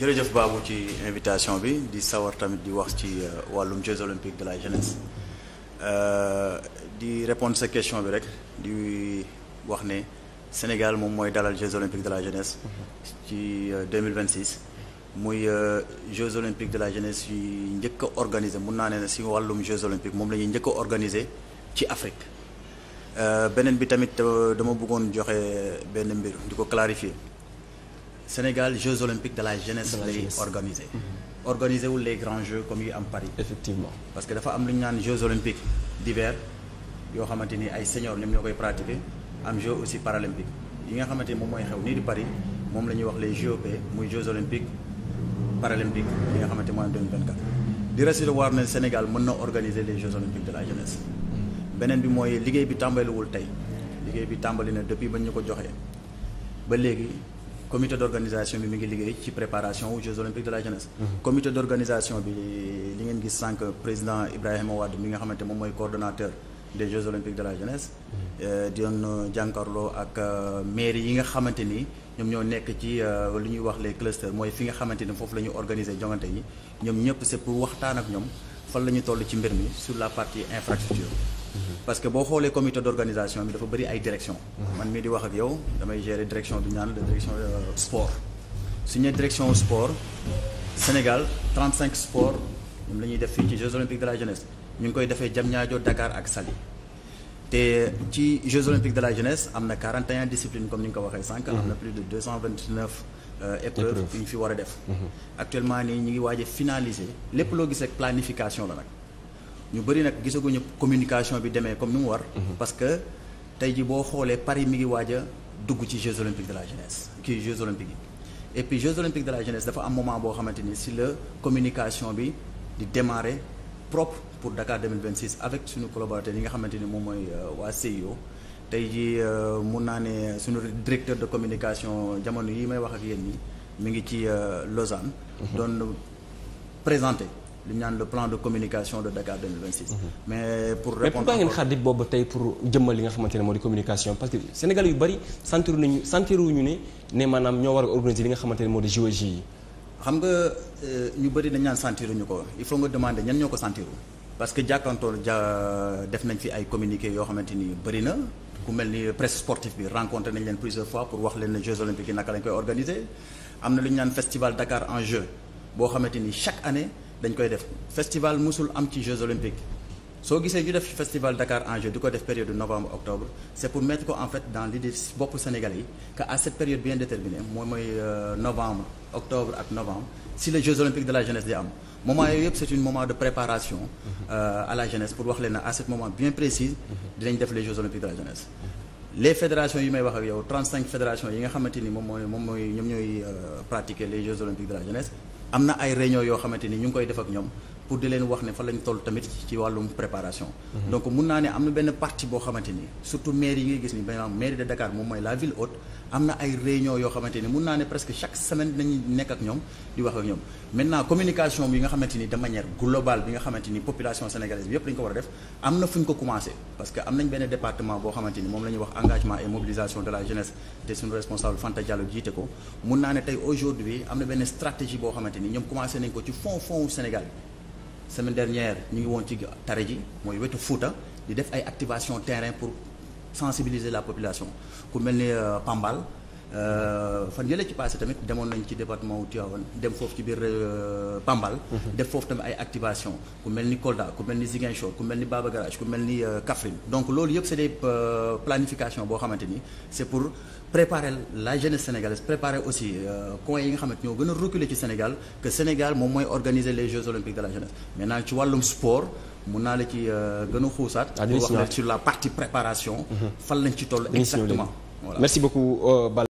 jërëjëf Babou ci invitation bi di sawar tamit di wax ci euh, wàllum Jeux olympiques de la jeunesse euh, di répondre sa question bi rek di wax ne Sénégal moom mooy dalal Jeux olympiques de la jeunesse ci 2026 euh, muy Jeux olympiques de la jeunesse yi njëkk a organiser mun naa ne si wàllum Jeux olympiques moom la ñuy njëkk a organiser ci Afrique beneen bi tamit dama bëggoon joxe benn mbir di ko clarifier Sénégal Jeux olympiques de la jeunesse lay organiser mhm. organisé wul les grands jeux comme yu am Paris effectivement parce que dafa am lu ñu naan Jeux olympiques d'hiver yoo xamante ni ay seniors ñoom ñoo koy pratiquer am Jeux aussi paralympiques yi nga xamante ni moom mooy xew nii di Paris moom la ñuy wax les JOP muy Jeux olympiques paralympiques yi nga xamante ni mooy 2024 di recevoir ne Sénégal mën na organiser les Jeux olympiques de la jeunesse beneen bi mooy liggéey bi tàmbaliwul tey liggéey bi tàmbali na depuis ba ñu ko joxee léegi comité d'organisation bi mi ngi liggéey ci préparation aux Jeux olympiques de la jeunesse. comité d'organisation bi li ngeen gis sànq président Ibrahima Wade mi nga xamante moom mooy coordonnateur des Jeux olympiques de la jeunesse. Euh, doon euh, jànkarloo ak euh, mairie yi nga xamante ni ñoom ñoo nekk ci lu ñuy wax les clusters mooy fi nga xamante ni foofu la ñu organiser jongante yi ñoom ñëpp c'est pour waxtaan ak ñoom fan la ñu toll ci mbir mi sur la partie infrastructure. parce que boo xoolee comité d'organisation bi dafa bëri ay direction man mii di wax ak yow damay gérer direction du ñaan la direction euh, sport suñu direction sport Sénégal 35 sport ñoom la ñuy def fii ci Jeux olympiques de la jeunesse ñu ngi koy defee Diamniadio Dakar ak Saly te ci Jeux olympiques de la jeunesse am na 41 disciplines comme ni nga ko waxee sànq. am na mhm. plus de 229 euh, épreuves ñu fi war a def. Mhm. actuellement nii ñu ngi waaj a finaliser lépp loo gis rek la nag. ñu bëri nag gisaguñu communication bi demee comme ni mu war. Mhm. parce que tey ji boo xoolee Paris mi ngi waaj a dugg ci Jeux olympiques de la jeunesse kii Jeux olympiques yi et Jeux olympiques de la jeunesse dafa am moment boo xamante ni si la communication bi di démarrer propre pour Dakar 2026 avec suñu collaborateur yi nga xamante ni moom mooy euh, waa CIO. tey jii euh, mun naa ne suñu directeur de communication jamono yi may wax ak yéen ñi mi ngi ci euh, Lausanne. Mhm. doon présenté. li ñu naan le plan de communication de Dakar 2026. Mmh. mais pour répondre mais pourquoi ngeen xaar di boobu tey pour jëmmal li nga xamante ne moo di communication parce que Sénégal yu bari sentir nañu sentir wuñu ne ne maanaam ñoo war a organiser li nga xamante ne moo di JOJ yi. xam nga euh, ñu bari dañ naan sentir ñu ko il faut nga demander ñan ñoo ko sentir parce que jàkkaarloo ja def nañ fi ay communiqué yoo xamante ni bari na. ku mel ni presse sportive bi rencontré nañ leen plusieurs fois pour wax leen ne Jeux olympiques yi naka lañ koy organiser am na lu ñu naan festival Dakar en jeu boo xamante ni chaque année. dañ koy def festival mosul am ci Jeux olympiques soo gisee ñu def festival Dakar en jeu di ko def période novembre octobre c'est pour mettre ko en fait dans di bopp Sénégalais yi que à cette période bien déterminée mooy mooy euh, novembre octobre ak novembre si les Jeux olympiques de la jeunesse di am moment yooyu yëpp c'est une moment de préparation euh, à la jeunesse pour wax leen na à ce moment bien précis dinañ def les Jeux olympiques de la jeunesse les fédérations yi may wax ak yow 35 fédérations yi nga xamante ni moom mooy moom mooy ñoom ñooy euh, pratiquer les Jeux am na ay réunion yoo xamante ni ñu ngi koy def ak ñoom pour di leen wax ne fa lañ toll tamit ci wàllum préparation. Mm-hmm. donc mun naa ne am na benn partie boo xamante ni surtout mairie yi ngay gis ni maanaam mairie de Dakar moom mooy la ville haute. am na ay réunion yoo xamante ni mun naa ne presque chaque semaine dañuy nekk ak ñoom di wax ak ñoom maintenant communication bi nga xamante ni de manière globale bi nga xamante ni population sénégalaise bi yëpp lañu ko war a def am na fu ñu ko commencé parce que am nañ benn département boo xamante ni moom la ñuy wax engagement et mobilisation de la jeunesse te suñu responsable Fanta Diallo jiite ko mun naa ne tey aujourd'hui am na benn stratégie boo ngi woon ci tare ji mooy terrain pour sensibiliser la population ku mel ni euh, Pambal euh, fan yële ci passé tamit demoon nañ ci département wu Tivaouane dem foofu ci biir euh, Pambal. Mhm. def foofu tamit ay activation ku mel ni Kolda ku mel ni Ziguinchor ku mel ni Baba Garage ku mel ni Kaffrine donc loolu yëpp c'est des planifications boo xamante ni c'est pour préparer la jeunesse sénégalaise préparer aussi coins yi nga xamante ñoo gën a reculer ci Sénégal que Sénégal moom mooy organiser les Jeux olympiques de mun naa la ci euh, gën a xuusaat. wax la sur la partie préparation. Mhm. fan lañ ci toll exactement. voilà merci beaucoup euh, Bal.